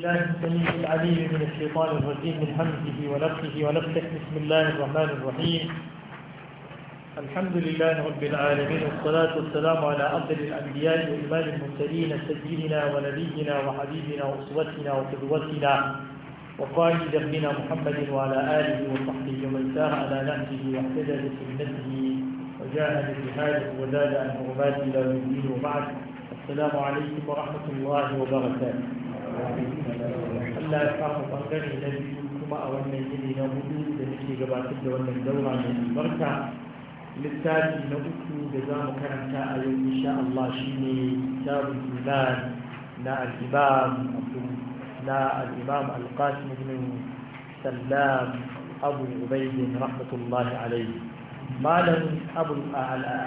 الله السميع العليم من الشيطان الرجيم من حمده ونفسه ونفسه بسم الله الرحمن الرحيم الحمد لله رب العالمين والصلاة والسلام على أفضل الأنبياء وإمام المرسلين سيدنا ونبينا وحبيبنا وأسوتنا وقدوتنا وقائد ذنبنا محمد وعلى آله وصحبه ومن سار على نهجه واهتدى بسنته وجاهد جهاده وزاد عن حرمات إلى يوم الدين وبعد السلام عليكم ورحمة الله وبركاته Allah ya kama bangare na biyu kuma a wannan gini na hudu da nake gabatar da wannan daura mai albarka littafi na uku da za mu karanta a yau insha Allah shine kitabul iman na al-imam na al-imam al-qasim ibn sallam abu ubayd rahmatullahi alayhi malam abu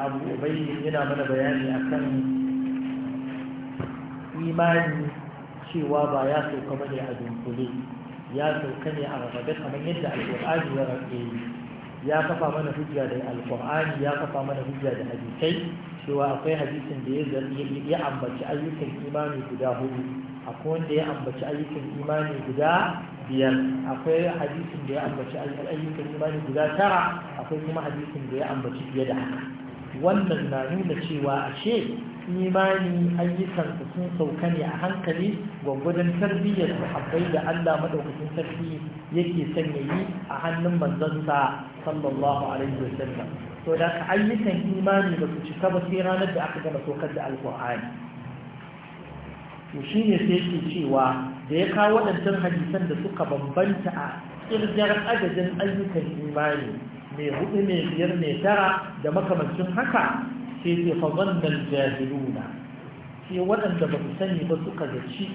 abu ubayd yana mana bayani akan imani cewa ba ya sauka ne a dunkule ya sauka ne a rarrabe kamar yadda alƙur'ani ya rarrabe ya kafa mana hujja da alƙur'ani ya kafa mana hujja da hadisai cewa akwai hadisin da ya ambaci ayyukan imani guda hudu akwai wanda ya ambaci ayyukan imani guda biyar akwai hadisin da ya ambaci ayyukan imani guda tara akwai kuma hadisin da ya ambaci fiye da haka wannan na nuna cewa ashe imani ayyukansu sun sauka ne a hankali gwaggwadon tarbiyyar sahabbai da Allah madaukakin sarki yake sanya yi a hannun manzansa sallallahu alaihi sallam to da ka ayyukan imani ba su cika ba sai ranar da aka gama saukar da alkur'ani to shine sai yake cewa da ya kawo waɗancan hadisan da suka bambanta a ƙirgar adadin ayyukan imani mai hudu mai biyar mai tara da makamancin haka sai ce fazannan jahiluna sai waɗanda ba su sani ba suka zaci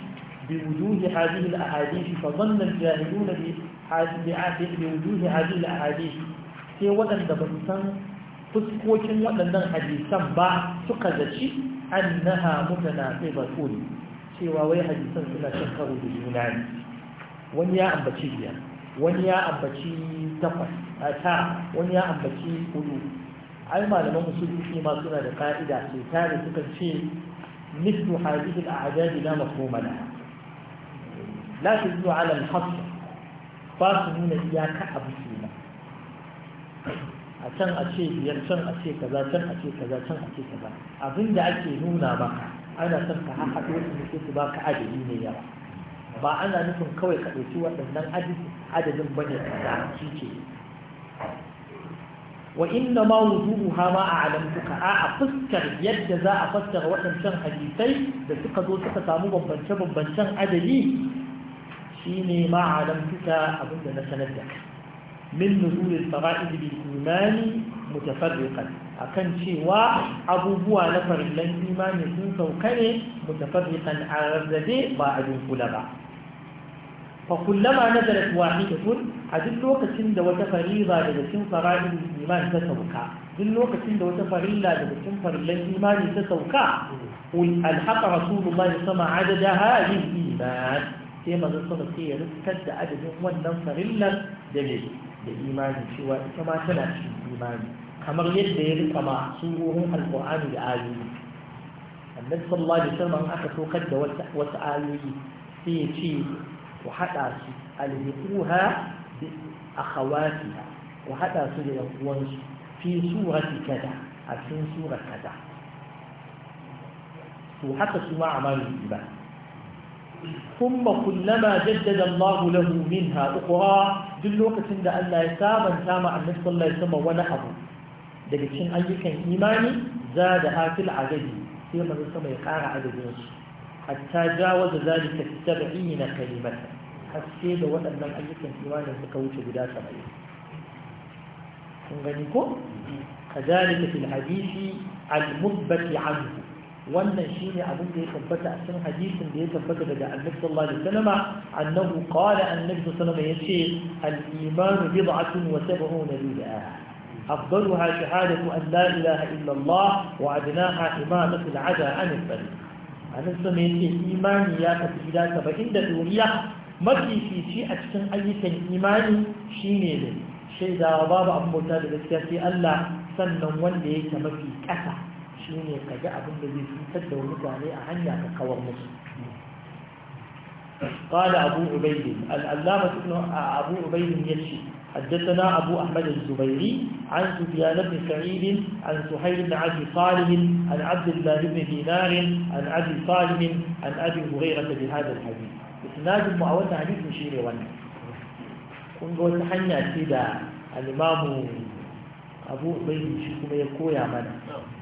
بوجود هذه الأحاديث فظن الجاهلون بوجود هذه الأحاديث sai waɗanda ba su san fuskokin waɗannan hadisan ba suka zaci an naha muka na sai ba tsori cewa wai hadisan suna cin karo da juna ne wani ya ambaci biyar wani ya ambaci takwas ta wani ya ambaci hudu ai malaman musulunci ma suna da ka'ida sai tare suka ce mislu hadithin a ajabi na makoma na lafi zuwa alam ba su nuna iyaka a bisu na a can a ce biyar can a ce kaza can a ce kaza can a ce kaza abin da ake nuna maka ana son ka haka da wasu mutum baka adadi ne yawa ba ana nufin kawai ka waɗannan adadin bane kaza shi ce wa inna ma wujuha ma a'lamtuka a fuskar yadda za a fassara waɗancan hadisai da suka zo suka samu bambance bambancen adadi shine ma a'lamtuka da na sanar da kai min nuzulil fara'id bil imani mutafarriqan akan cewa abubuwa na farillan imani sun sauka ne mutafarriqan a rarrabe ba a dunkula ba فكلما نزلت واحدة هذه وقت عند وتفريضة لدسين فرائض الإيمان تتوكا هذه وقت عند وتفريضة لدسين فرائض الإيمان تتوكا والحق رسول الله صلى عدد هذه الإيمان كما ذكر في رسكة عدد ونن فرائض دليل الإيمان شواء كما تنعش الإيمان كما يدير كما سوره القرآن الآيوي النبي صلى الله عليه وسلم أكثر قد وتآيوي في شيء ku haɗa su alhiquha bi akhawatiha ku haɗa su da yan uwansu fi surati kaza a cikin surar kaza to haka su ma amalul ibad ثم كلما جدد الله له منها أخرى دلوك سند أن لا يسامن سامع النبي صلى الله عليه وسلم ونحو دلوك شن أي كان إيماني زاد هات العدد في من السماء يقار عدد نصف حتى جاوز ذلك السبعين كلمة حسيت وأن من أجلك إيمان تكوش بلا سبعين كنغنيكم كذلك في الحديث المثبت عنه والنشين أبوك يثبت أحسن حديث يثبت لدى النبي صلى الله عليه وسلم أنه قال النبي صلى الله عليه وسلم الإيمان بضعة وسبعون ليلة أفضلها شهادة أن لا إله إلا الله وأدناها إمامة العدى عن الطريق hannun ya ce imani ya tafi gida saba'in da duniya mafifici a cikin ayyukan imani shine ne shaidawa babu abin bauta da gaskiya sai Allah sannan wanda yake mafi ƙasa shine ka ga abin da zai cutar da mutane a hanya ka kawar musu قال أبو عبيد الألامة أبو عبيد يشي حدثنا أبو أحمد الزبيري عن سفيان بن سعيد عن سهيل بن عبد صالح عن عبد الله بن دينار عن أبي صالح عن أبي هريرة بهذا الحديث إسناد المعونة حديث مشير ونه كنت قلت حنيا كده الإمام أبو أبي shi kuma ya koya mana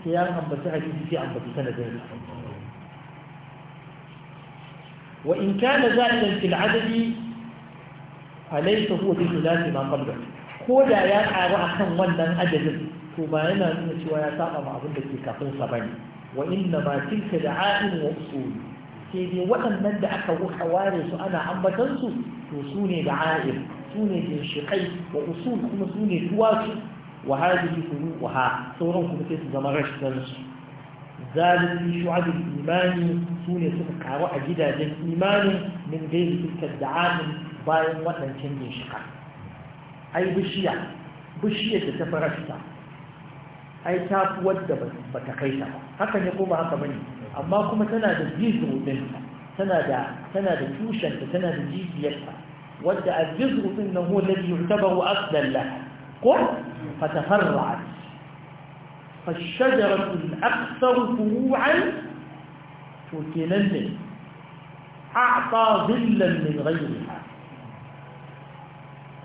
sai an ambaci hadisi sai ambaci sanadin وإن كان زائدا في العدد alaysa huwa bi khilafi ma qabla ko da ya karu akan wannan adadin to ba yana nuna cewa ya saba ma abin da ke kafin sa bane wa inna ma tilka da'a'in wa usul sai dai waɗannan da aka wuka ware su ana ambatan su to su ne da'a'in su ne shiƙai wa usul kuma su ne tuwatu wa hadihi furuha sauran kuma sai su zama rashin su ذلك في شعب الإيمان سونة تفقع وأجدا جن إيمان من غير تلك bayan waɗancan ginshika ai bishiya bishiya da ta farasta ai ta fi da ba ta kai ta haka ne kuma haka bane amma kuma tana da jizu din tana da tana da tushen ta tana da jijiyarta wadda a jizo ɗin nan huwa lalli yurtabaru aslan laha ko fatafarra'at فالشجرة الأكثر فروعا وكلن أعطى ظلا من غيرها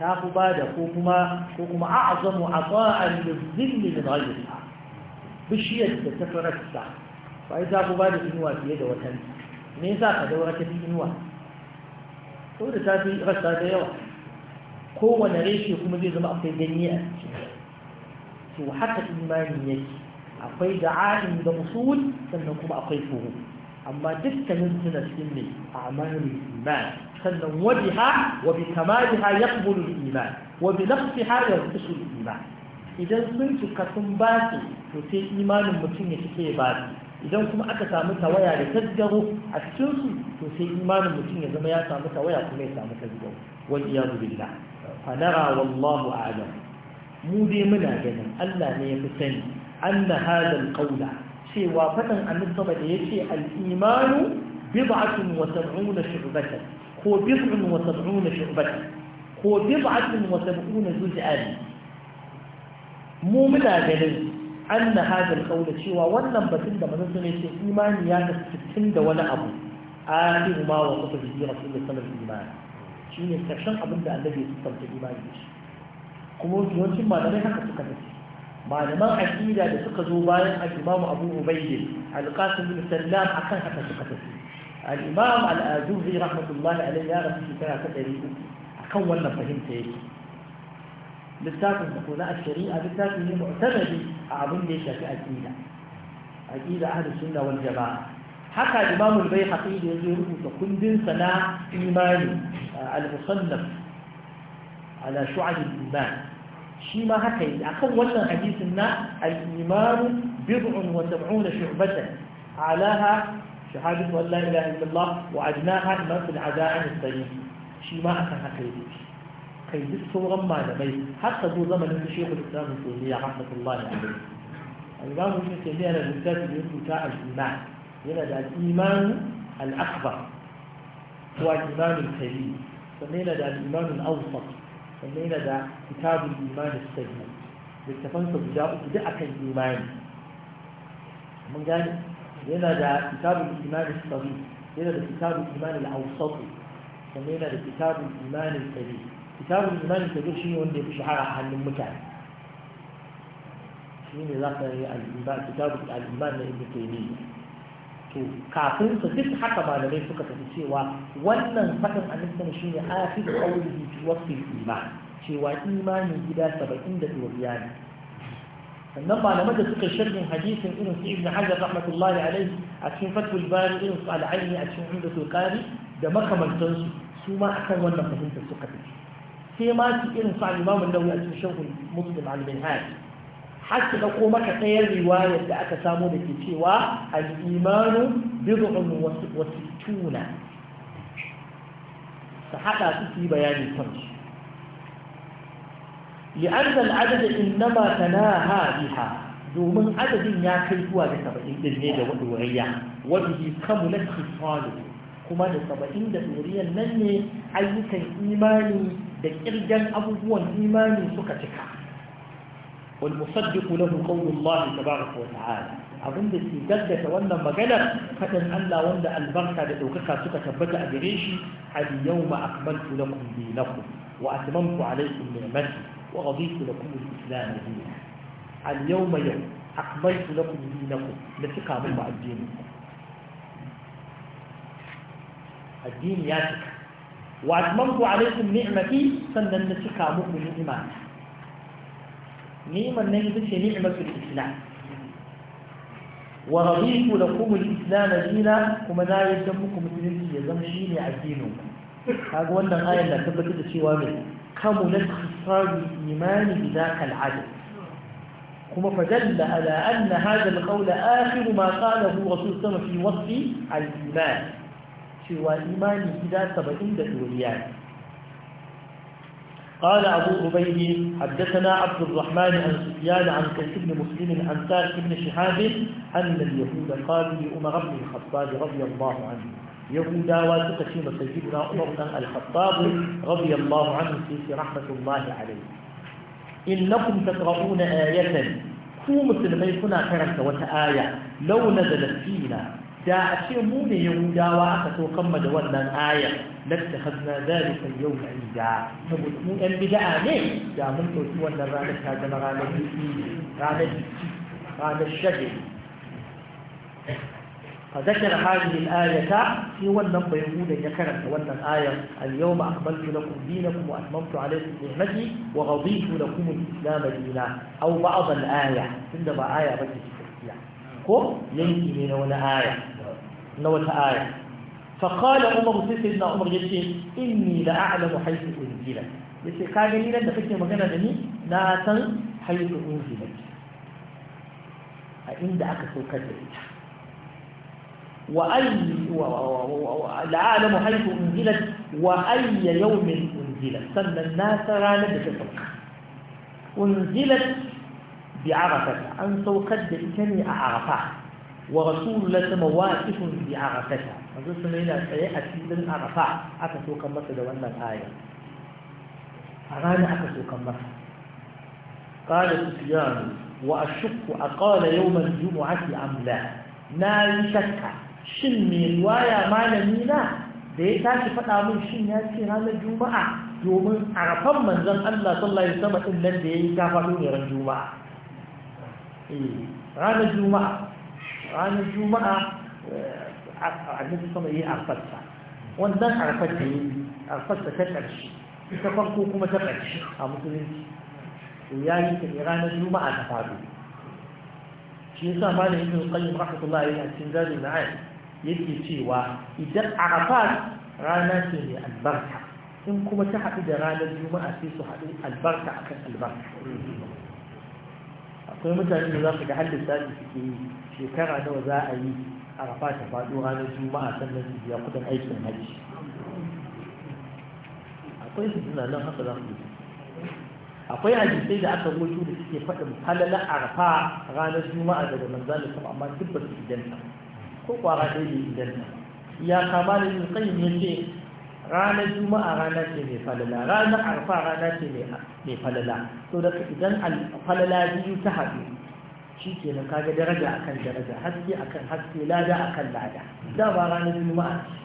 ta fi ba da ko kuma ko kuma a'azamu ata'an lizilli bishiyar da ta farasta bai ta fi ba da inuwa fiye da watan me yasa ka daura ta fi inuwa ko da ta fi rasta da yawa kowane reshe kuma zai zama akwai ganye a cikin su haka imani yake akwai da'a'in da usul sannan kuma akwai fuhu amma dukkanin suna cikin ne a amalin imani sannan wabiha wa bi kamaliha yaqbulu al-iman wa bi nafsiha yanqusu al-iman idan sun cika sun ba su to sai imanin mutum ya cike ba su idan kuma aka samu tawaya da tasgaro a cikin su to sai imanin mutum ya zama ya samu tawaya kuma ya samu tasgaro wal iyadu billah fa nara wallahu a'lam mu dai muna ganin Allah ne ya fi sani anna hadha al-qawla cewa fadan annabi da yace al-imanu bid'atun wa sab'una shu'batan ko bid'un wa sab'una shu'batan ko bid'atun wa sab'una juz'an mu muna ganin an na hadar kaula cewa wannan batun da manzon sun ce imani ya ga sittin da wani abu akhiru ma wa qad bi da sallallahu imani shine karshen abin da annabi ya tsanta imani shi kuma yawancin malamai haka suka tafi malaman aqida da suka zo bayan al-Imam Abu Ubayd al-Qasim bin Sallam akan haka suka tafi الإمام الأجوزي رحمة الله عليه يا رب شكرا تقريبا أكون فهمت تيري بالتاك تكون الشريعة هي معتمد أعظم ليش في أكيدة أكيدة أهل السنة والجماعة حكى الإمام البيحقي يقول تكون سنة إيماني آه، المصنف على شعب الإيمان شي ما haka yi حديثنا wannan بضع وسبعون شعبة علىها شهادة أن لا إله إلا الله وأدناها إمامة العزاء عن الطريق شي ما أكن هكذا كي دسوا ما نبي حتى ذو زمن الشيخ الإسلام ابن رحمة الله عليه الإمام ابن تيمية أنا بالذات اللي يدرس الإيمان ينادى الإيمان الأكبر هو الإيمان الكبير سمينا ده الإيمان الأوسط سمينا ده كتاب الإيمان السجن بالتفنس بجاء بدأك الإيمان من قال هنا ده كتاب الإيمان الصريح هنا ده كتاب الإيمان الأوسطي سمينا ده كتاب الإيمان الكبير كتاب الإيمان الكبير شيء يقول لي بشحارة عن المكان شيء يقول لي كتاب الإيمان لإبن تيمية to kafin su duk haka ba da mai suka tafi cewa wannan fatan annabi ne shine akhir qawli fi wasfi iman cewa imani gida 70 da doriya ne sannan malaman da suka sharhin hadisin irin su ibn hajar rahmatullahi alaihi a cikin fatul bari irin su al'ayni a cikin umdatul qari da makamantansu su ma akan wannan fahimtar suka tafi sai ma su irin su al-imam a cikin sharhul muslim al-minhaj har su dauko maka tsayar riwayar da aka samo da ke cewa al-imanu bid'un wa sittuna su haɗa su fi bayani kansu لأن العدد إنما تناهى بها دومن عدد يا كيفوا لسبعين دنيا ودوريا وبه كملت خصاله kuma da saba'in da ɗoriyar nan ne ayyukan imani da ƙirgen abubuwan imani suka cika wal musaddiqu lahu qawlullahi tabaraka wa ta'ala abinda ke gaggata wannan maganar faɗin Allah wanda albarka da ɗaukaka suka tabbata a gare shi al yawma akmaltu lakum dinakum wa atmamtu alaykum ni'mati ورضيت لكم الإسلام دينا اليوم يوم أقبلت لكم دينكم لتقى من بعد دينكم الدين ياتك وأتممت عليكم نعمتي سنن نتقى مؤمن إيمان نعمة نجدت نعمة الإسلام ورضيت لكم الإسلام دينا وما لا يلزمكم مسلمين يلزم شيء عدينكم هذا هو الآية اللي تبتدأ شيء وامنه كملت خصال الإيمان بذاك العدد كما فدل على أن هذا القول آخر ما قاله رسول الله في وصف الإيمان سوى إيمان إذا سبعين دوليان قال أبو عبيد حدثنا عبد الرحمن عن سفيان عن كيس بن مسلم عن سالك بن شهاب أن اليهود قالوا لأمر بن الخطاب رضي الله عنه yahudawa suka ce masa sayyidina umar dan al-khattab radiyallahu anhu sai rahmatullahi alayhi innakum taqra'una ayatan ku musulmai kuna karanta wata aya law nazalat fina da a ce mu ne yahudawa aka so kamma da wannan aya lattakhadna dhalika yawma ida saboda mu yan bid'a ne da mun dauki wannan ranar ta zama ranar biki ranar biki ranar shagiri فذكر هذه الآية في ونم بيهود يكرم ونم آية اليوم أقبلت لكم دينكم وأتممت عليكم نعمتي وغضيت لكم الإسلام دينا أو بعض الآية عندما آية بك تكتيا كو ينكي من ولا آية نوة آية فقال عمر سيدنا عمر يشي إني لأعلم حيث أنزلت يشي كان لي لن تفكر مكانا لني ناسا حيث أنزلت عند أكثر كذلك وأي العالم حيث أنزلت وأي يوم أنزلت سمى الناس رانا بتسوق أنزلت بعرفة أن توقد بإتني أعرفة ورسول الله سمى واقف بعرفة أنزل سمينا سيئة من أعرفة أكسو كم مصر وانا الآية أرانا حتى كم مصر قال سفيان وأشك أقال يوم الجمعة أم لا ما يشكى shin mai waya malami na da ya tashi faɗa min shin ya ce ranar juma'a domin arfan manzan Allah sallallahu alaihi wasallam din nan da yayi ta faɗo ne ran juma'a eh, ranar juma'a ranar juma'a eh, annabi sama yayi arfatsa wannan arfatsa ne arfatsa ta ƙarshe Ita farko kuma ta ƙarshe a musulunci to yayi ta ranar juma'a ta faɗo shi yasa malamin ibn qayyim rahmatullahi a cikin na na'im yake cewa idan arafat rana ce mai albarka in kuma ta haɗu da ranar juma'a sai su haɗu albarka akan albarka akwai mutane da za su ga halin sami suke yi shekara nawa za a yi arafa ta faɗo ranar juma'a sannan su biya kudin aikin hajji akwai su suna nan haka za su yi akwai hadisai da aka rubuto da suke faɗin falalar arafa ranar juma'a daga manzalin sama amma duk su idanta ko kwara ɗaya da idan na ya kama da yin tsayin ya ce ranar juma'a rana ce mai falala ranar arfa rana ce mai falala to da idan falala biyu ta haɗu shi ke nan kaga daraja akan daraja haske kan haske lada akan lada da ba ranar juma'a ce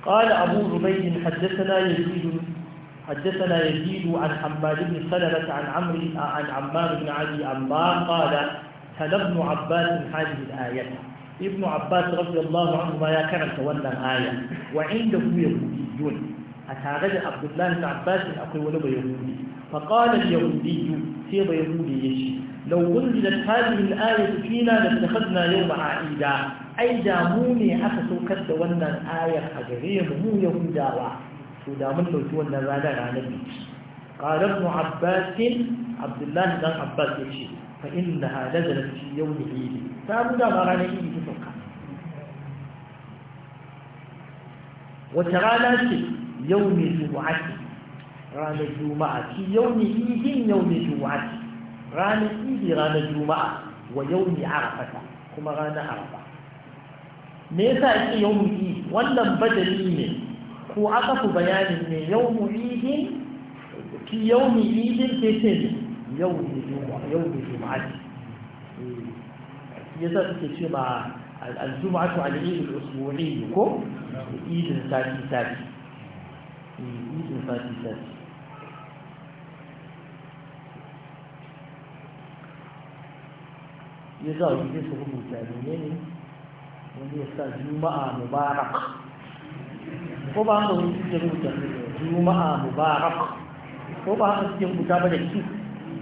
قال أبو عبيد حدثنا يزيد حدثنا يزيد عن حماد بن سلمة عن عمرو عن عمار بن علي عمار قال قال ابن عباس هذه الآية ابن عباس رضي الله عنه ما كان تولى الآية وعنده يهوديون أتعرض عبد الله بن عباس أقول له يهودي فقال اليهودي في يهودي يشي لو أنزلت هذه الآية فينا لاتخذنا يوم عائدا أي داموني أخسو كد ولا آية أجريم مو يهودا ودامن لو تولى رانا رانا قال ابن عباس عبد الله بن عباس يشي fa inda hada da rufi yau da hili ta buga ranar yi ta sauka wata rana ce yau ne juma'a ce ranar juma'a ci yau ne yau ne juma'a ce ranar ranar juma'a wa yau ne arafata kuma ranar arafa me yasa ake yau mu yi wannan badali ne ko aka fi bayanin ne yau mu yi hin ki يوم الجمعة يوم الجمعة يزال يوم الجمعة على يوم الأسبوعي يوم عيد يوم ثاني يوم الثاني يوم يزال يوم مجانين يوم جمعة يوم ko يوم mu يوم jiru يوم jumaa يوم ko يوم mu يوم jiru يوم bare يوم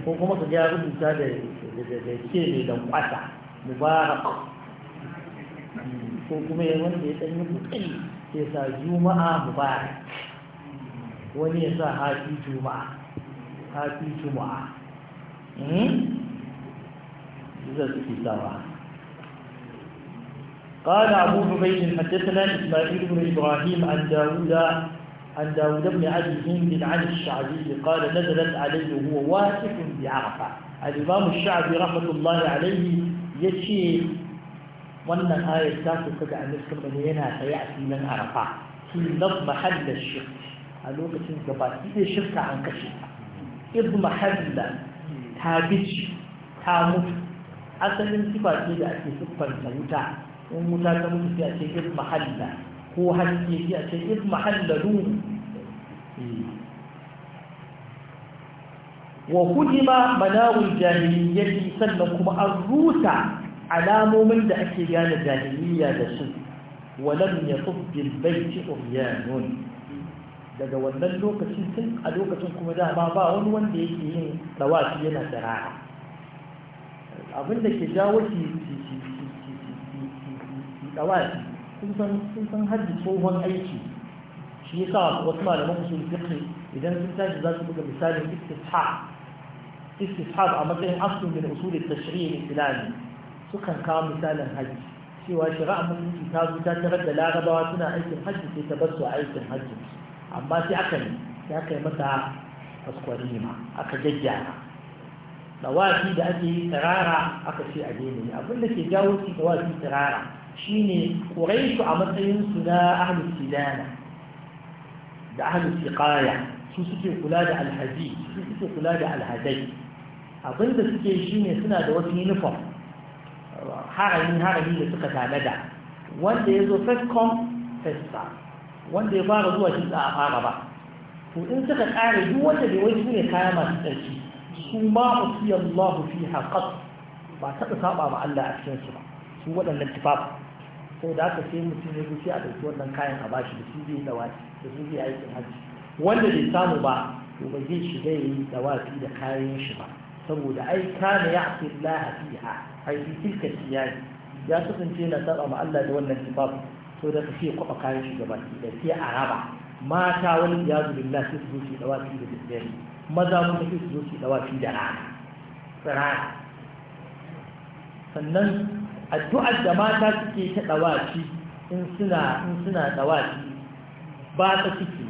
ko kuma ka ga rubuta da ke ne da kwata mubarak ko kuma wanda ya ɗan yi kokari ya sa juma'a mubarak wani ya sa hafi juma'a hafi juma'a hmm? zai suke sawa قال أبو عبيد حدثنا إسماعيل بن إبراهيم عن داوود عند داود بن عبد هند عن الشعبي قال نزلت عليه وهو واقف بعرفة الإمام الشعبي رحمة الله عليه يشي وأن آية ذات قد أن يسكن سيأتي من عرفة في نظم حل الشرك الوقت الجبار إذا شرك عن كشف إذ محل تابج تامف أصل انتباه إذا أتي سبا الموتى ومتاتم في أتي محل ko haske shi a ce iz mahallalu wa kujima manawul jahiliyyati sannan kuma an rusa alamomin da ake gane jahiliyya da su walam yatuf bil baiti umyanun daga wannan lokacin tun a lokacin kuma dama ba wani wanda yake yin tsawafi yana tsirara abinda ke jawo shi tsawafi. sun san hajji tsohon aiki shi ya sa wasu malaman yi fiqh idan sun tashi za su buga misalin istishab istishab a matsayin aslun min usul shirya tashri al su sukan kawo misalin hajji cewa shari'a musulunci ta zo ta tarar da larabawa suna aikin hajji sai ta bar su aikin hajji amma sai aka yi sai aka yi masa ma aka Da dawafi da ake yi tsirara aka ce a daina yi abinda ke jawo shi dawafi tsirara shine quraishu a matsayin su na ahlus sinana da ahlus siqaya su suke kula da alhaji su suke kula da alhadai abinda suke shi ne suna da wasu uniform harami harami da suka tanada wanda ya zo first come first wanda ya fara zuwa shi a fara ba to in suka kare duk wanda bai wai su ne kaya masu tsarki su ma usiya Allah fi haƙas ba taɓa saɓa ma Allah a cikin ba su waɗannan tufafi sau da aka sai mutum ya gusi a ɗauki wannan kayan a bashi da su zai dawaci da su zai aikin hajji wanda bai samu ba to ba zai shiga ya yi dawaci da kayan shi ba saboda ai kana ya fi laha fi ai fi tilka siyani ya kasance na saba ma Allah da wannan tifafu so da ka sai kwaba kayan shi gaba da sai a raba mata wani iyazu billah sai su zo su dawaci da daddare maza kuma sai su zo su dawaci da rana tsirara sannan addu'ar da mata suke ta dawaci in suna in suna dawaci ba ta suke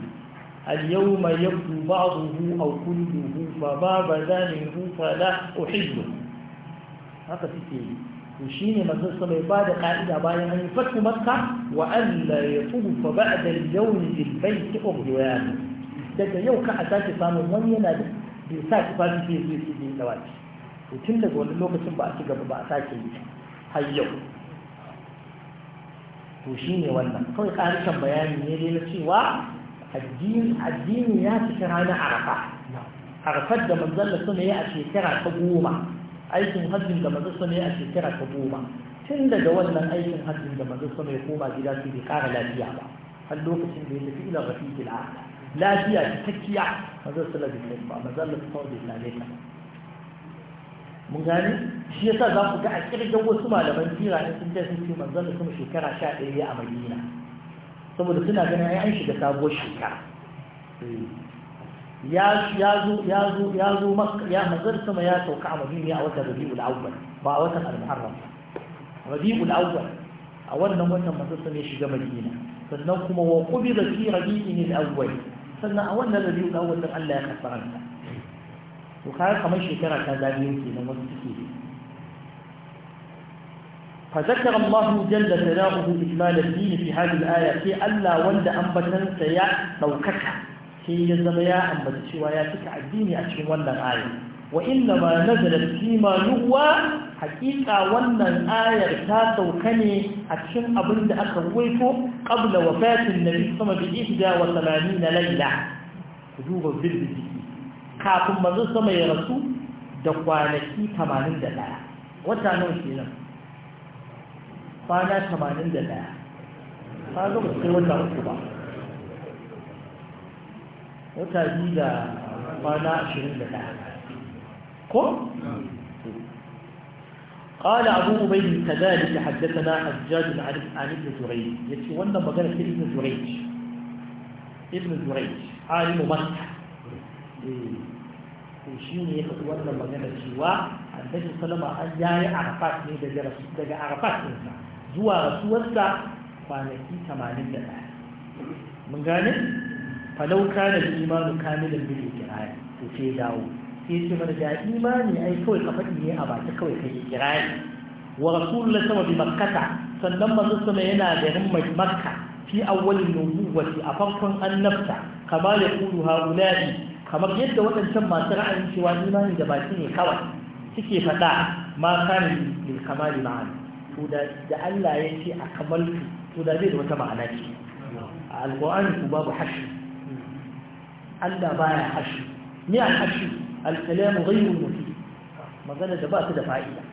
اليوم يبدو بعضه أو كله فما بدا منه فلا أحله haka suke yi to shi ne manzansa mai ba da ƙa'ida bayan an yi fatu makka wa Allah ya tsufa ba da yawon ilbai ta ƙwaƙwaya daga yau ka a sake samun wani yana da bai sa tufafi bai zai su yi dawaci to tun daga wani lokacin ba a ci gaba ba a sake yi har to shi ne wannan kawai ƙarshen bayani ne dai na cewa addini ya cika ranar arafa arafar da manzalla suna yi a shekara ta goma aikin hajjin da manzalla suna yi a shekara ta goma tun daga wannan aikin hajjin da manzalla suna ya koma gida su bai ƙara lafiya ba har lokacin da ya tafi ila rafi ila lafiya ta cikakkiya manzalla suna bai lafiya manzalla suna bai lafiya mun gane shi yasa za ku ga a kirgin wasu malaman jira ne sun ce sun ce manzon da kuma shekara sha ɗaya a madina saboda suna ganin ai an shiga sabuwar shekara ya ya zo ya zo ya zo ya manzon sama ya sauka a madina a watan rabi'ul awwal ba a watan al-muharram rabi'ul awwal a wannan watan manzon sama ya shiga madina sannan kuma wa qubida fi rabi'in al-awwal sannan a wannan rabi'ul awwal din Allah ya kasaranta. to kaya kamar shekara ta zabi yake na wasu suke ne fazakar allahu jalla sana'uhu ikmalar dini fi hadin aya sai allah wanda ambatansa ya daukaka sai ya zama ya ambata cewa ya cika addini a cikin wannan aya wa inna ma nazara fima yuwa wannan ayar ta dauka ne a cikin abin da aka ruwaito qabla wafatin nabi sama bi ihda wa 80 Ku duba bil bi kafin manzo sama ya rasu da kwanaki 81 wata nawa kenan kwana 81 ka ga sai wata uku ba wata biyu da kwana 21 ko قال أبو أبي كذلك حدثنا حجاج عن عن ابن جريج يتي وانا مقالة ابن جريج ابن جريج عالم مكة Eh, to shi ne ya faɗi wannan magana cewa annabi salama an yayi arafat ne daga arafat ɗinsa zuwa rasuwarsa kwanaki 81 mun gane falau kana da imanu kamilin bil ikirari to sai dawo sai ce mana da imani ai kawai ka faɗi ne a baki kawai ka kai ikirari wa rasulullahi sama bi makkata sannan manzo sama yana garin makka fi awwalin nubuwati a farkon annabta kama ya kudu haula'i kamar yadda waɗancan masu ra'ayin cewa imani da baki ne kawai suke faɗa ma kanin bil kamali ma'ana to da Allah ya ce a kamaltu to da zai da wata ma'ana ce a alƙur'ani ku babu hashi Allah baya hashi ni al hashi al kalamu ghayru magana da ba ta da fa'ida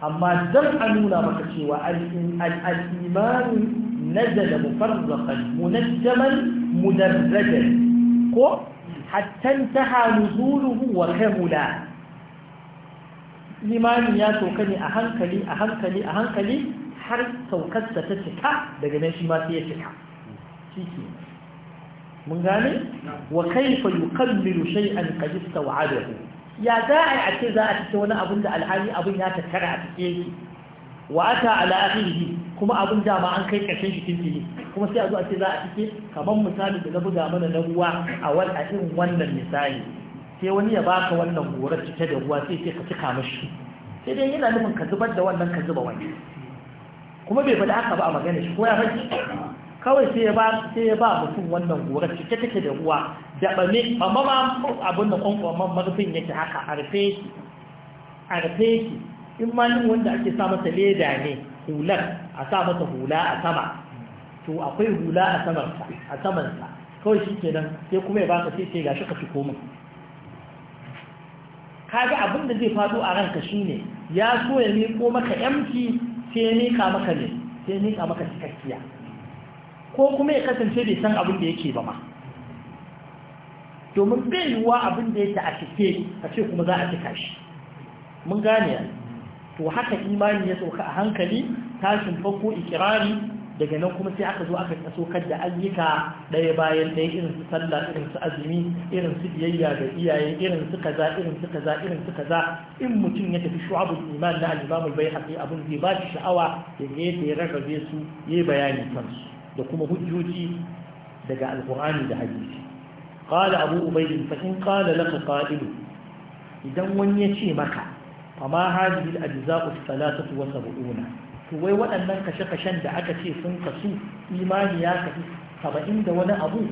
amma dan a nuna maka cewa al-imani nazala mufarraqan munajjaman مدرجا حتى انتهى نزوله وكملا limamin ya sauka ne a hankali a hankali a hankali har saukarsa ta cika daga nan shi ma sai ya cika mun gane wa kaifa yuqallilu shay'an qad istaw'adahu ya za a ce za a cike wani abin da alhali abin ya tattara a cikin wa ata ala akhihi kuma abin da ba an kai karshen shi tintini kuma sai a zo a ce za a cike kamar misali da na buga mana na ruwa a wal a irin wannan misali sai wani ya baka wannan gora cike da ruwa sai sai ka cika mashi sai dai yana nufin ka zubar da wannan ka zuba wani kuma bai faɗi haka ba a magana shi ko ya faɗi kawai sai ya ba sai ya ba mutum wannan gora cike take da ruwa da ne amma ma abin da man marfin yake haka a rufe shi a rufe shi in ma wanda ake sa masa leda ne hular a sa masa hula a sama to akwai hula a samansa a samansa kawai shi kenan sai kuma ya baka sai sai gashi ka fiko komin kaga abin da zai faɗo a ranka shine ya so ya ko maka yamci sai ya mika maka ne sai ya mika maka cikakkiya ko kuma ya kasance bai san abin da yake ba ma domin bai yiwuwa abin da yake a cike a ce kuma za a cika shi mun gane to haka imani ya sauka a hankali tashin farko ikirari daga nan kuma sai aka zo aka sokar da ayyuka ɗaya bayan ɗaya irin su sallah irin su azumi irin su biyayya ga iyaye irin su kaza irin su kaza irin su kaza in mutum ya tafi shu'abul iman na al-imam bai baihaqi abun zai ba shi sha'awa da da ya rarrabe su yayi bayani kansu da kuma hujjoji daga alqur'ani da hadisi qala abu ubayd fa in qala laka qa'il idan wani ya ce maka amma hadhihi al-ajza'u thalathatu wa sab'una to wai waɗannan kashe-kashen da aka ce sun kasu imani ya kasu saba'in da wani abu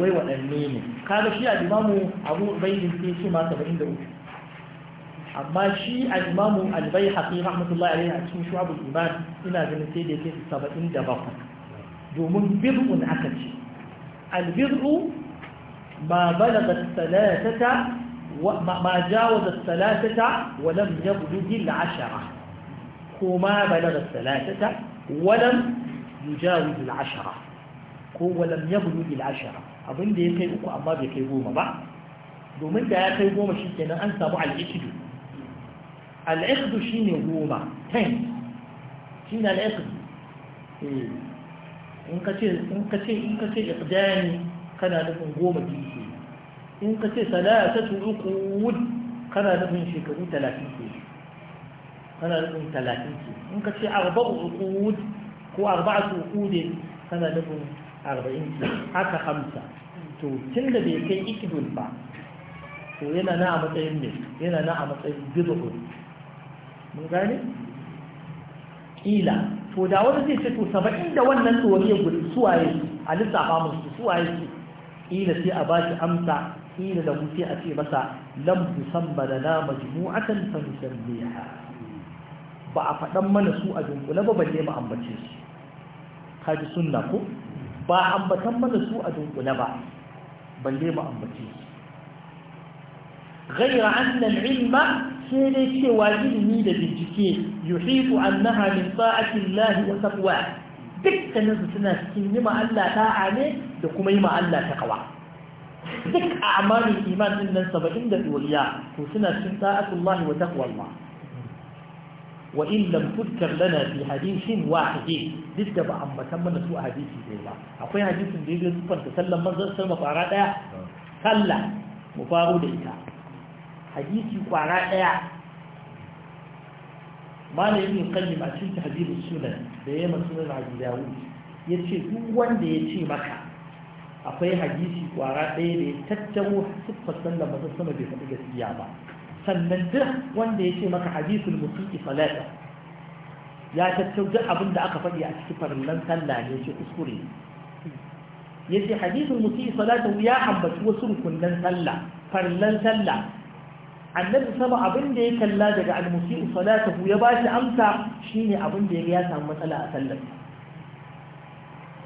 wai waɗanne ne kaga shi al abu ubaidin sai ma saba'in da uku amma shi al-imamu al-baihaqi rahmatullahi a cikin shu'abul iman ina ganin sai da domin aka ce ma balagat thalathata ما جاوز الثلاثة ولم يبلغ العشرة كما بلغ الثلاثة ولم يجاوز العشرة ولم يبلغ العشرة abin da ya kai uku amma bai kai goma ba domin da ya kai goma shi kenan an samu al'ikidu al'ikidu shi ne goma 10 shi ne al'ikidu eh. in ka ce kana nufin goma biyu in ka ce salatatu wud kana nufin shekaru talatin ke kana nufin talatin ke in ka ce arba'u wud ko arba'atu ne, kana nufin 40 ke haka hamsa to tun da bai kai ikidun ba to yana na a matsayin ne yana na a matsayin bid'un mun gane kila to da wani zai ce to saba'in da wannan tsoriyar gudu suwaye a lissafa musu suwaye su kila sai a ba shi amsa hina da ku a ce masa lambu, ku san bada na majmu'atan fa musalliha ba a faɗan mana su a dunkule ba balle mu ambace su kaji sunna ko ba ambatan mana su a dunkule ba balle mu ambace su غير أن العلم da bincike, لبجك يحيط أنها من طاعة الله وتقوى دك نزل سنة سنة ما ألا تاعني دك ما ألا تقوى duk a amalin iman din nan saba'in da ɗoriya to suna cin ta'atullah wa taqwallah wa in lam tudkar lana fi hadithin wahid duk da ba ambatan mana su a hadisi ɗaya ba akwai hadisin da yake sufanta sallan manzon sallama fara ɗaya sallah mu faru da ita hadisi kwara ɗaya mana yi qayyim a cikin hadisin sunan da yayin sunan abi dawud yace duk wanda yace maka akwai hadisi kwara ɗaya da ya tattaro siffar sallar masu sama bai faɗi gaskiya ba sannan duk wanda ya ce maka hadisul musiki salata ya tattaro duk abin da aka faɗi a cikin farillan sallah ne ce kuskure ya ce hadisul musiki salata ya ambaci wasu rukunan sallah farillan sallah annabi sama abin da ya kalla daga al-musiku salatahu ya bashi amsa shine abin da ya samu matsala a sallarsa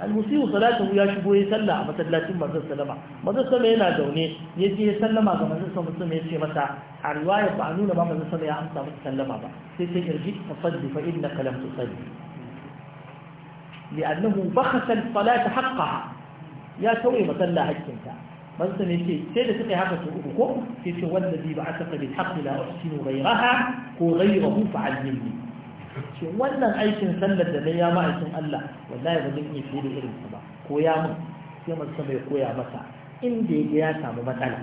almusiyu salatu ya shigo ya salla a masallacin mazan salama yana zaune ya ce ya sallama ga mazan salama sun mata a ba a nuna ba mazan salama ya amsa masa sallama ba sai sai kirji ta faddi fa inna kalam tu sani li annahu bakhasal salatu haqqa ya tauye masalla hakkinta mazan salama ya sai da suka yi haka su uku ko sai ce wanda bi ba a saka bi haqqi la usinu ghayraha ko ghayruhu fa'allimni ce wannan aikin sallar da na ya ma'aikin Allah wallahi ba zan iya fiye da ba koya mun sai masu mai koya masa inda ya ya samu matsala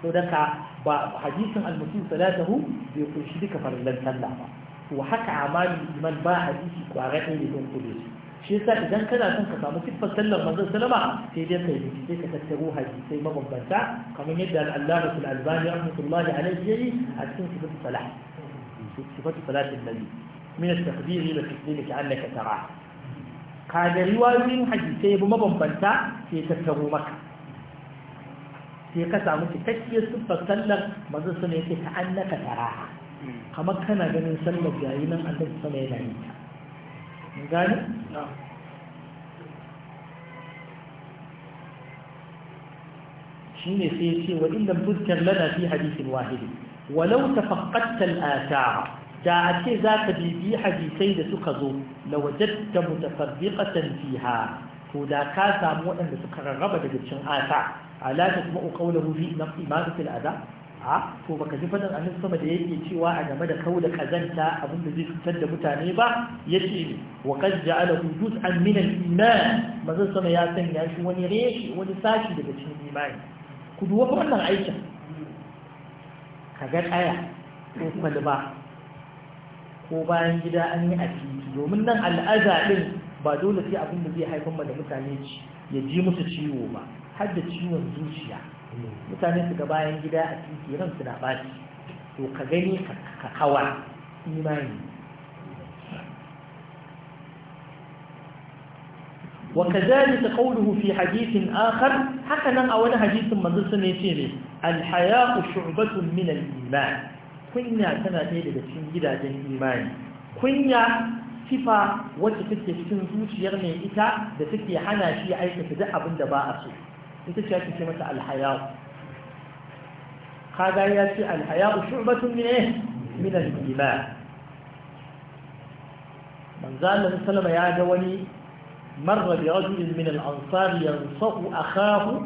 to daga ba hadisin hu, salatahu bai kunshi duka farallan sallah ba to haka amali iman ba hadisi kwara ɗaya ne don kudu shi yasa idan kana son ka samu siffar sallar manzon salama sai dai kai sai ka tattaro hadisai mabambanta kamar yadda al-allama sul albani rahmatullahi alaihi yayi a cikin sifatu salah sifatu salatin nabi min at-taqdir ila tasdiq annaka tara ka da riwayoyin hadisai ba mabambanta sai ta taro maka sai ka samu cikakkiyar siffar sallar manzo sun yake ta annaka tara kamar kana ganin sallar yayi nan Allah sama yana yi ta mun gane shine sai ya ce wa illam tuzkar lana fi hadithin wahid da a ce za ka bibi hadisai da suka zo lawajatta mutafarriqatan fiha to da ka samu waɗanda suka rarraba daga cin asa ala ta kuma qawluhu fi nafsi ma fi al'ada a to baka ji fadan annabi sama da yake cewa a game da kauda kazanta abin da zai fitar da mutane ba yace ne wa qad ja'ala hudus min al-iman mazan sama ya sanya shi wani reshi wani sashi daga cikin imani ku duba wannan aikin kaga tsaya ko kwalba ko bayan gida an yi a titi domin nan al'aza ɗin ba dole sai abin da zai haifar ma da mutane ya ji musu ciwo ba har da ciwon zuciya mutane su ga bayan gida a titi ran su na ɓaci to ka gani ka kawa imani وكذلك قوله في حديث آخر حكنا أولا حديث من ذلك alhayahu شعبة من iman. kunya tana ɗaya daga cikin gidajen imani kunya sifa wacce take cikin zuciyar mai ita da take hana shi aikata duk abin da ba a so ita ce ake ce mata alhaya'u kaga ya ce alhaya'u shu'batun ne eh? min al-iman manzo Allah sallama ya ga wani marra bi rajulin min al-ansar yansahu akahu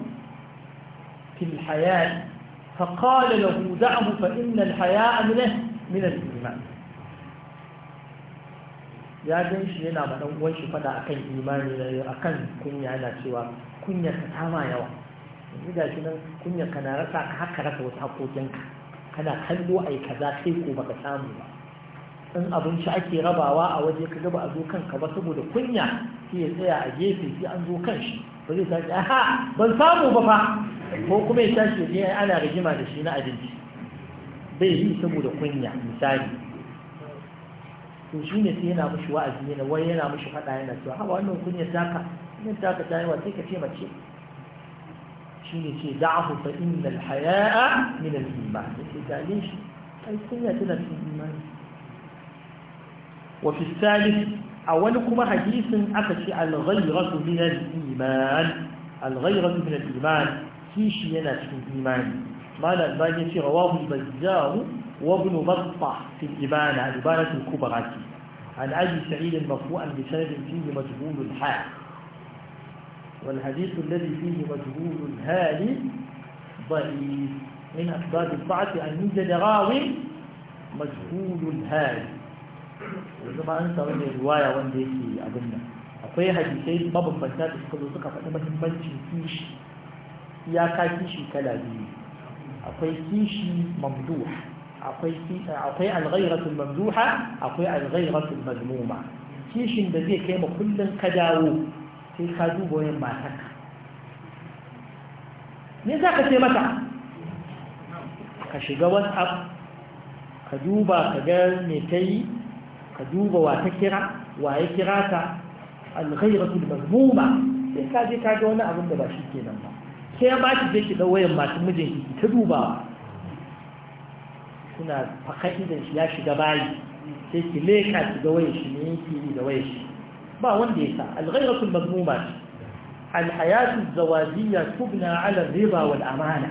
fil da فقال له دعه فإن الحياء منه من الإيمان ya ganshi yana ma ɗan uwanshi faɗa akan imani na akan kunya yana cewa kunya ka tama yawa yanzu ga shi nan ka na rasa ka haka rasa wasu hakokinka kana kallo ai kaza kai ko baka samu ba in abinci ake rabawa a waje ka gaba a zo kanka ba saboda kunya sai ya tsaya a gefe sai an zo kan shi ba zai sake aha ban samu ba fa ko kuma ya tashi je ana rigima da shi na abinci bai yi saboda kunya misali to shi ne sai yana mushi wa'azi ne wai yana mushi fada yana cewa haba wannan kunya taka ne taka ta yi wa sai ka ce mace shi ne ce da'ahu fa innal hayaa min al-iman sai ka shi ai kunya tana cikin imani wa fi salih a wani kuma hadisin aka ce al-ghayratu min al-iman al-ghayratu min al-iman kishi yana cikin imani malam ba ya ce rawahu al-bazzar wa ibn battah fi al-ibana al-ibana al-kubra عن أبي سعيد مرفوعا بسند فيه مجهول الحال والحديث الذي فيه مجهول الهال ضعيف من أسباب البعث أن يوجد راو مجهول الهال وزما أنت وين الرواية وين ديكي أبنى أقوي حديثين باب الفتاة تسكت وسكت فأنا ما تنبنش فيش ka kishi kala biyu akwai kishi mamduha akwai alghairatul mamduha akwai alghairatul mazmuma kishin da zai kai ma ka dawo sai ka duba wayan matarka me za ka ce mata ka shiga whatsapp ka duba ka ga me ta yi ka duba wa ta kira wa ya kira ta alghairatul mazmuma sai ka je ka ga wani abin da ba shi kenan ba sai ya baki zai ki ɗau wayan masu mijinki ta duba suna faka idan shi ya shiga bayi sai ki leka ki ga wayan shi ne yake da wayan shi ba wanda ya sa al-ghayratu al-mazmuma al-hayatu az-zawajiyya tubna 'ala ar-riba wal-amana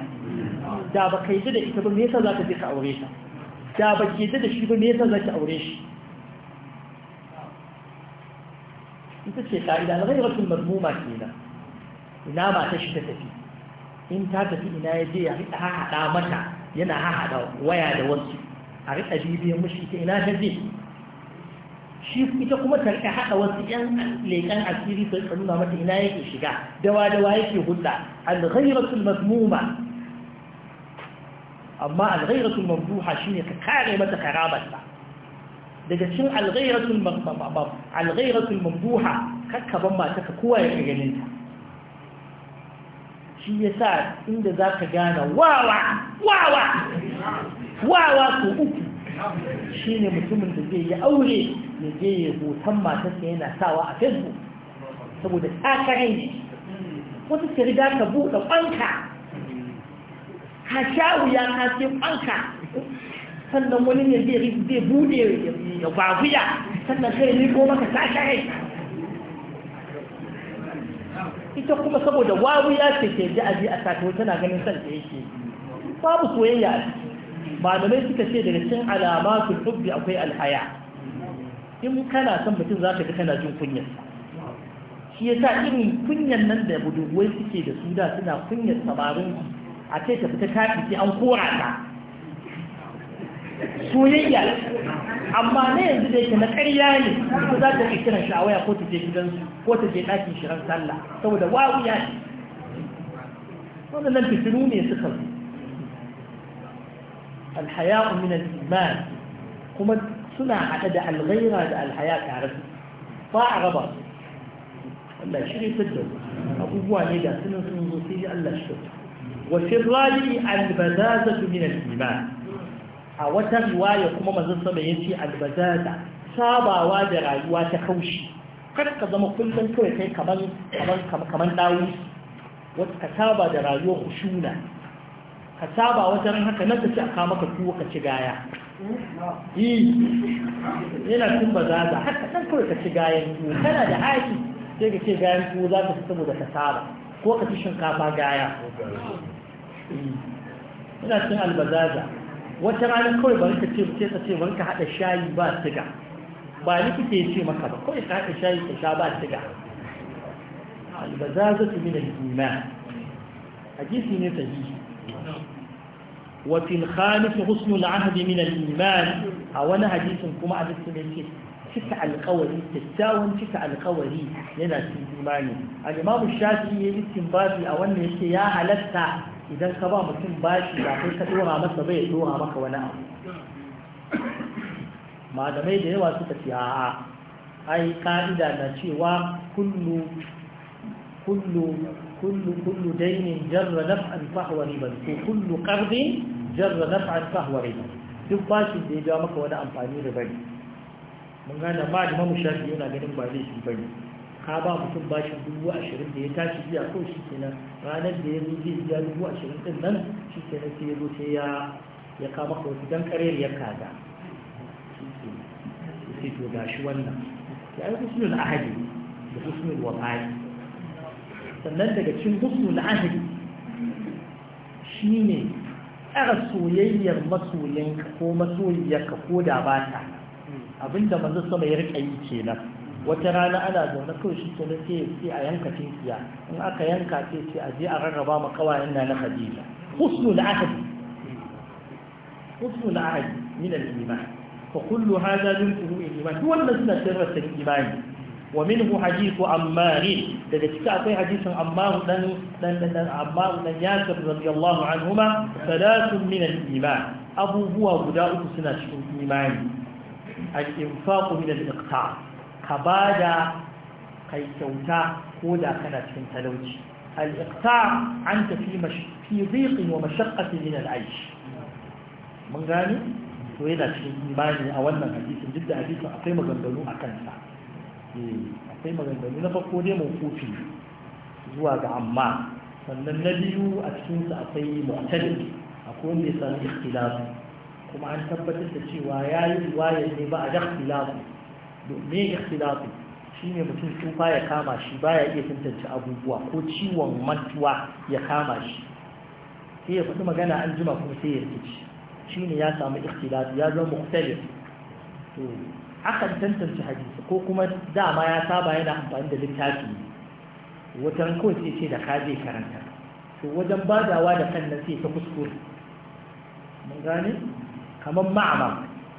da ba kai da ita ba me yasa zaka je ka aure ta da ba ki da shi ba me yasa zaki aure shi ita ce ka'ida al-ghayratu al-mazmuma kenan ina ma ta shi ta tafi in ta tafi ina ya je ya riƙa haɗa mata yana haɗa waya da wasu a riƙa bibiyar mushi ta ina ta je shi ita kuma ta riƙa haɗa wasu ƴan leƙen asiri su riƙa nuna mata ina yake shiga dawa dawa yake hulɗa al-ghairatul mazmuma amma al-ghairatul mamduha shine ka kare mata karamarta daga cikin al-ghairatul al-ghairatul mamduha kakkaban mata ka kowa ya ganin ta shi ya sa inda za ka gane wawa wawa wawa ko uku shi ne mutumin da zai yi aure ne je ya hoton matarsa yana sawa a facebook saboda takarai ne wata ta ka buɗe ƙwanka ka sha wuya ka ce ƙwanka sannan wani ne zai buɗe ya gwaguya sannan kai ne ko maka takarai ita kuma saboda ya ce ke ji aji a sato tana ganin san da yake babu soyayya a ciki malamai suka ce daga cikin su tubbi akwai alhaya in kana san mutum za ka ga kana jin kunyar shi ya sa irin kunyar nan da budurwai suke da su da suna kunyar samarin a ce ta fita ta sai an kora ta soyayya amma na yanzu da yake na ƙarya ne ko za ta iya kiran shi ko ta je gidansu ko ta je ɗakin shirar sallah saboda wawu ya ne waɗannan fitilu ne suka zo alhaya'u min iman kuma suna haɗa da alghaira da alhaya tare su ba a raba su Allah shi ne fitar abubuwa ne da sunan sun zo sai Allah shi fitar wa firraji al-bazazatu min al-iman a wata riwaya kuma manzon sama yace albazada sabawa da rayuwa ta kaushi kada ka zama kullum kawai kai kaman kaman kaman dawo wata ka saba da rayuwar kushuna ka saba wajen haka nan ka ci a kama ka tuwo ka ci gaya yi yana cin bazaza haka nan kawai ka ci gayan tuwo kana da haki sai ka ce gayan tuwo za ka ci saboda ka saba ko ka ci shinkafa gaya Ina cin albazaza wata rana kawai ba ka ce sai ka ce bari ka haɗa shayi ba siga ba likita ya ce maka ba kawai ka haɗa shayi ka sha ba siga albazazatu min al-iman hadisi ne sahihi wa fil khamis husnul ahdi min al-iman a wani hadisin kuma hadisi ne ce cika alƙawari kyakkyawan cika alƙawari yana cikin imani al-imam shafi'i ya yi istinbati a wannan yake ya halatta idan ka ba mutum bashi ba kai ka dora masa bai dora maka wani abu malamai da yawa suka ce a'a ai ka'ida na cewa kullu kullu kullu kullu dainin jarra naf'an fahwari ba ko kullu qardin jarra naf'an fahwari ba duk bashin da ya ja maka wani amfani da bari mun gane ma da mamu shafi yana ganin ba zai shi bari ka ba mutum bashin dubu ashirin da ya tashi biya ko shi kenan ranar da ya zo zai biya dubu ashirin din nan shi kenan sai ya zo sai ya ya kama ka wasu dan karere ya kaza sai to gashi wannan ya yi husnul ahadi da husnul wafa'i sannan daga cikin husnul ahadi ne tsara soyayyar masoyinka ko masoyiyarka ko da ba ta abinda manzo sama ya rika yi kenan wata rana ana zaune kawai shi kenan sai sai a yanka tinkiya in aka yanka sai sai a je a rarraba ma kawayen na na Khadija husnul ahdi husnul ahdi min al-iman fa kullu hadha min furu'i al-iman duk wannan suna sirrar san imani wa minhu hadithu ammar daga cikin akwai hadisin ammar dan dan dan ammar dan yasir radiyallahu anhuma thalathun min al-iman abubuwa guda uku suna cikin imani al-infaq min al-iqta' ka ba da kai kyauta ko da kana cikin talauci al'iqta an tafi fi ziqin wa mashaqqatin min al'aish mun gani to yana cikin imani a wannan hadisin duk da hadisin akwai maganganu a kansa eh, akwai maganganu na farko dai kofi zuwa ga amma sannan na biyu a cikin akwai mu'tadil akwai wanda ya samu kuma an tabbatar da cewa yayi riwaya ne ba a da me ikhtilafi shine mutum tsufa ya kama shi baya iya tantance abubuwa ko ciwon mantuwa ya kama shi sai ya faɗi magana an jima kuma sai ya rikici shine ya samu ikhtilafi ya zama mukhtalif to akan tantance hadisi ko kuma dama ya saba yana amfani da littafi watan ko sai ce da ka je karanta to wajen badawa da kan nan sai ta kuskure mun gane kamar ma'amar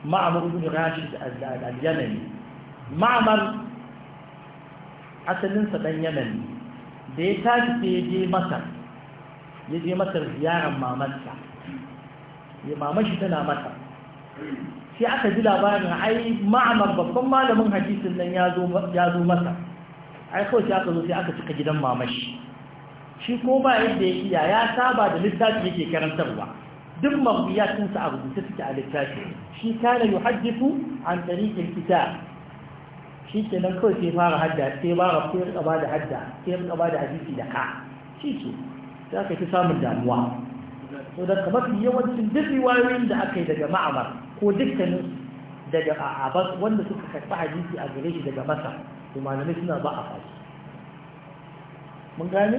ma'amar ibn rashid al-yamani ma'amar asalinsa ɗan yamen da ya tafi sai ya je masar ya je masar ziyarar mamarsa ya mamashi tana masa sai aka ji labarin ai ma'amar babban malamin hadisin nan ya zo masa ai kawai shi aka zo sai aka cika gidan mamashi shi ko ba yadda ya iya ya saba da littafi yake karantarwa duk mabiyatinsa a rubuta suke a littafi shi kana yuhaddithu an tariqil kitab shi ke nan kawai sai fara hadda sai fara sai rika ba da hadda sai rika ba da hadisi da ka shi ke za ka fi samun damuwa so da kamar yawancin duk riwayoyin da aka yi daga ma'amar ko dukkanin daga abas wanda suka karɓi hadisi a gare shi daga masa to malamai suna ba a fashi mun gane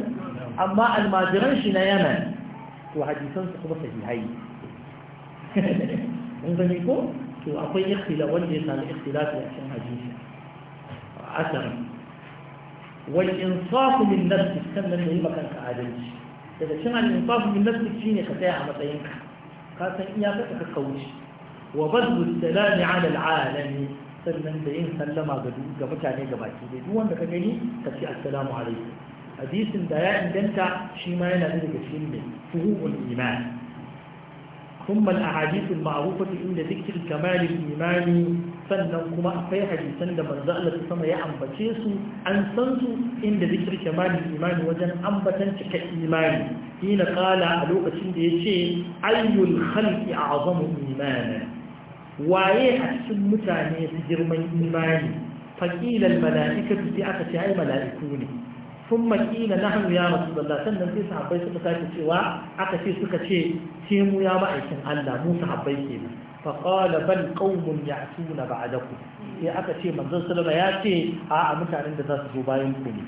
amma almajiran shi na yanan to hadisan su kuma sahihai mun gane ko to akwai ikhtila wanda ya sami ikhtilafi a cikin hadisi أثري والإنصاف من استنى كان من يهمك أنك عادلش إذا شمع الإنصاف من نفسك شيني خطايا عمتينك خاصة إياك تكوش وبذل السلام على العالم استنى da yin سلم ga mutane ga baki dai duk wanda ka gani ka ce assalamu alaikum hadisin da ya inganta shi ma yana da daga cikin ثم الأحاديث المعروفة عند ذكر كمال الإيمان sannan kuma akwai hadisan da manzo Allah ta sama ya ambace su an san su inda zikir kamalin imani wajen ambatan cika imani ina Kala a lokacin da ya yace ayyul khalqi a'zamu imana waye a cikin mutane su girman imani faqilan malaikatu sai aka ce ai malaiku ne ثم قيل نحن ya رسول الله sannan sai sahabbai suka sake cewa aka ce suka ce ce mu ya ma'aikin Allah mu sahabbai kenan فقال بل قوم يعتون بعدكم sai aka ce manzon sallama ya ce a a mutanen da za su zo bayan ku ne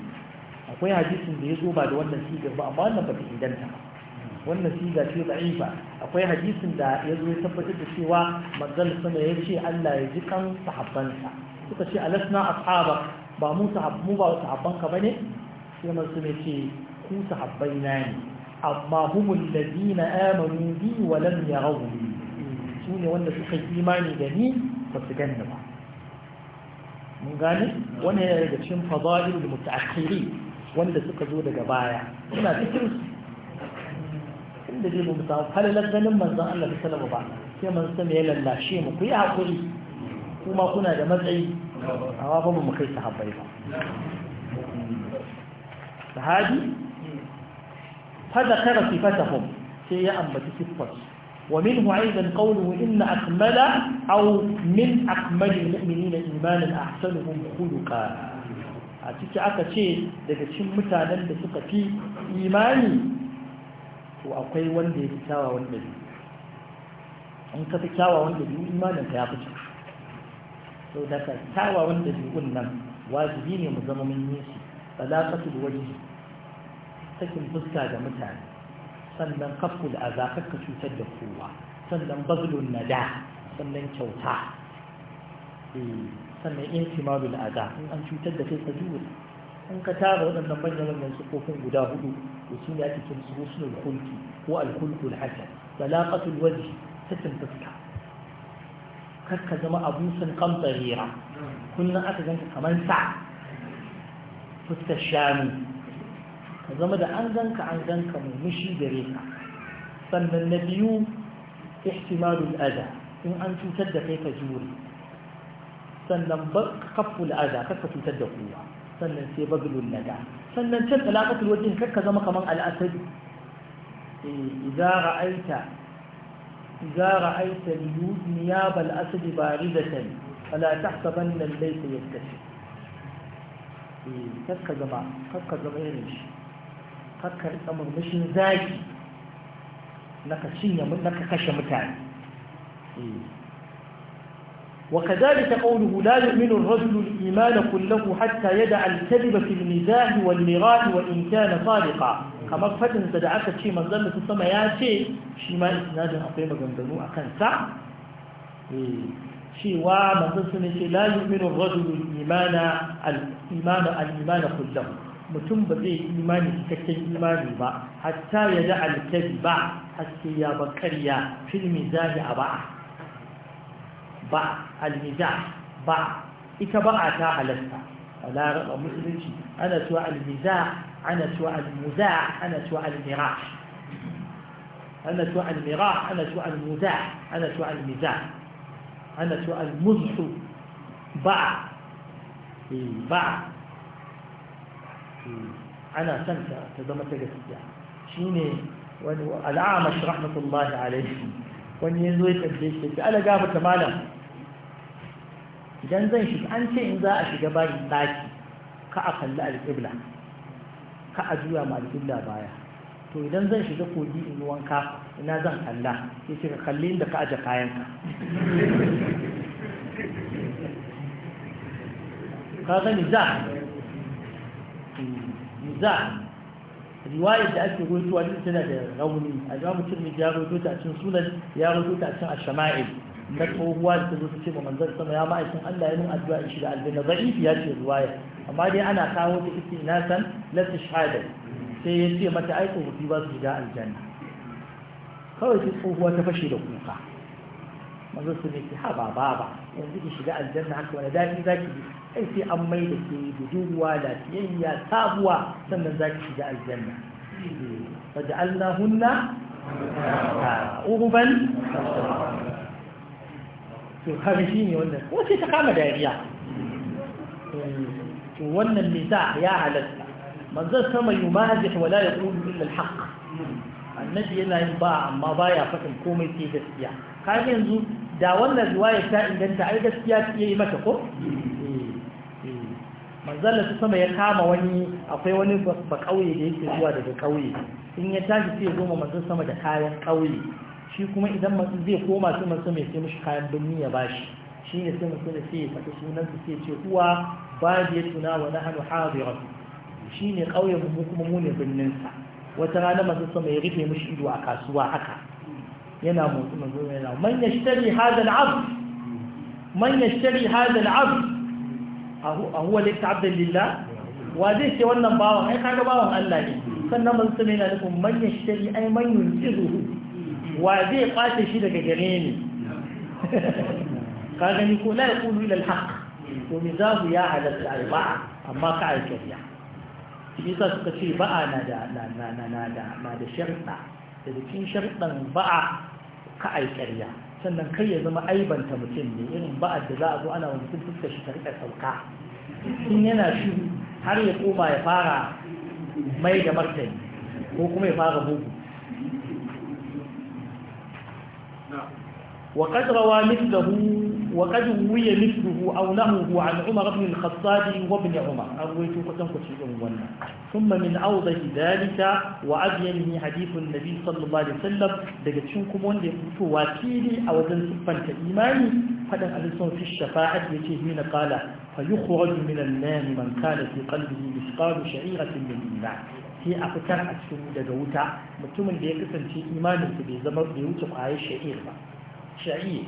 akwai hadisin da ya zo ba da wannan sigar ba amma wannan ba ta inganta wannan siga ce ba. akwai hadisin da ya zo ya tabbatar da cewa manzon sallama ya ce Allah ya ji kan sahabbansa suka ce alasna ashaba ba mu sahabbu ba sahabbanka bane sai manzon ya ce ku sahabbai na ne amma humul ladina amanu bi wa lam yarawni su ne wanda suka yi imani da ni ba su ganni ba mun gane wani yana daga cikin fada'il da mutaakhiri wanda suka zo daga baya suna cikin su inda dai mu samu falalar ganin manzon Allah ta salama ba sai man sama ya lallashe mu ku yi hakuri kuma kuna da matsayi amma ba mu kai sahabbai ba sahabi fa zakara sifatahum sai ya ambaci sifarsu ومنه أيضا قوله إن أكمل أو من أكمل المؤمنين إيمانا أحسنهم خلقا أتيك أكشي daga cikin mutanen da suka fi imani to akwai wanda ya fi kyawawan dabi in ka kyawawan ya sau da ka wanda dabi'un nan wajibi ne mu zama mun yi su alaƙatu da wajen sakin fuska ga mutane sannan kaful aza kakka cutar da kowa sannan bazlun nada sannan kyauta eh, sannan in da aza in an cutar da kai ka jure in ka tara waɗannan manyan manyan sufofin guda hudu da su ne ake cikin husnul hulki ko alhulkul hasan balaqatul waje, sakin fuska kar ka zama abusan kamtsarira kullum aka ganka kamar sa fuskar shanu zama da an ganka an ganka murmushi gare ka sannan na biyu ihtimalul adha in an cutar da kai ka jure sannan ba kaful adha kaka cutar da kowa sannan sai baglul nada sannan can talaqatul wajhin kakka zama kaman al'asadi idza ra'aita idza ra'aita niyab al'asad baridatan fala tahsabanna al-laysa yastashi kakka zama kakka zama irin shi kakka rika murmushin zaki naka cinye naka kashe mutane وكذلك قوله لا يؤمن الرجل الإيمان كله حتى يدع الكذب في المزاح والمراء وإن كان صادقا كما فتن تدعك شيء من ذلك السماء يا شيء شيء ما إسناد أقيم جندنو أكن سع شيء ومن ذلك لا يؤمن الرجل الإيمان الإيمان الإيمان كله mutum ba zai imani cikakken imani ba hatta ya da alkazi ba haske ya ba karya filmi zahi a ba ba almiza ba ita ba a ta halatta a laraba musulunci ana tuwa almiza ana tuwa almuza ana tuwa almira ana tuwa almira ana tuwa almuza ana tuwa almiza ana tuwa almuzhu ba ba ana son ta zama ta gaskiya shine wani al'amash rahmatullahi alaihi wani yanzu ya tabbe shi ta ala gafa ta malam idan zan shiga an ce in za a shiga bayan daki ka a kalli alƙibla ka a juya ma alƙibla baya to idan zan shiga kogi in wanka ina zan kalla sai ce ka kalli inda ka aje kayanka ka gani za mizan riwayar da ake ruwaitowa duk tana da rauni a jama'a mutum ya ruwaito ta cin sunan ya ruwaito ta cin ashama'il na tsohuwa da ta zo ta ce ma manzon sama ya ma'aikin Allah ya mun addu'a in shiga aljanna za'if ya ce riwaya amma dai ana kawo ta istinasan la tashhada sai ya ce mata ai tsofi ba su shiga aljanna kawai sai tsohuwa ta fashe da kuka manzon sama ya ce ha ba yanzu ki shiga aljanna haka wani daɗi zaki ji Sai sai an mai da ke budurwa da lafiyayya sabuwa sannan za ki shiga aljanna faja'alna hunna uruban to kare shi ne wannan ko sai ta kama dariya to wannan ne za ya halatta manzon sama yumazih wala yaqulu illa alhaq annabi yana yin ba amma ba ya faɗin komai sai gaskiya kaga yanzu da wannan riwaya ta inganta ai gaskiya ce yi mata ko manzala su sama ya kama wani akwai wani ba kauye da yake zuwa daga kauye in ya tashi sai ya zo manzon sama da kayan kauye shi kuma idan masu zai koma sai manzon mai sai mashi kayan birni ya bashi shi ne sai mutum da sai ya faɗi sunan su sai ce huwa badiyatuna wa nahnu hadirun shi ne kauye mu kuma mu ne birnin sa wata rana masu sama ya rufe mashi ido a kasuwa haka yana motsi manzon yana man yashtari hadha al-abd man yashtari hadha al-abd a huwa lita abdin lillah wa zai ce wannan bawan ai kaga bawan Allah ne sannan mun sune yana nufin manyan shari ai manyan tsiru wa zai kwace shi daga gare ni ka gani ko la yaqulu ila al-haq to mizahu ya ala alba'a amma ka al-kariya shi sa suka ce ba'a na da na na na da da sharta da cikin shartan ba'a ka al-kariya sannan kai ya zama aibanta mutum ne irin ba'ad da za a zo ana wani mutum fuska shi ta rika sauka in yana shi har ya koma ya fara mai da martani ko kuma ya fara bugu وقد روى مثله وقد روي مثله أو نهوه عن عمر بن الخطاب وابن عمر أرويت فتنقل شيء ونا ثم من أوضح ذلك وأبينه حديث النبي صلى الله عليه وسلم دقت شنكم وندي وكيلي أو ذن سبا كإيماني فدن ألسون في الشفاعة يتي هنا قال فيخرج من النار من كان في قلبه مثقال شعيرة من إيمان sai a fitar a cikin daga wuta mutumin da ya kasance imaninsa bai zama bai wuce kwaye sha'ir ba sha'ir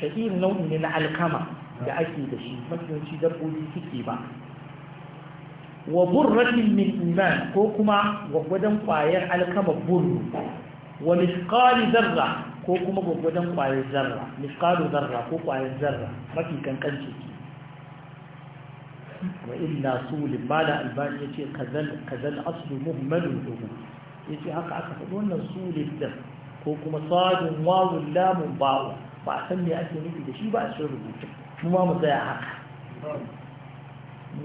sha'ir nau'i ne na alkama da ake da shi mafi dabbobi suke ba wa burratin min iman ko kuma gwagwadon kwayar alkama burru wa misqali zarra ko kuma gwagwadon kwayar zarra misqalu zarra ko kwayar zarra mafi kankanci wa illa sulin mala albani yace kazal kazal aslu muhammadun dubu yace haka aka faɗi wannan sulin din ko kuma sadin wawun lamun ba'u ba a san me ake nufi da shi ba a cikin rubutu mu ma mu tsaya haka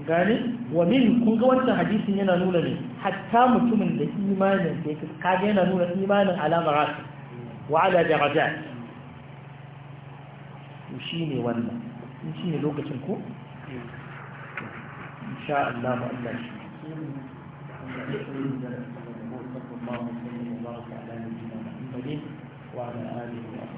gane wa min kun ga wancan hadisin yana nuna ne hatta mutumin da imanin da yake kaga yana nuna imanin alama rasu wa ala darajat shi ne wannan shi ne lokacin ku? insha Allah mu Allah shi 一定完成任务。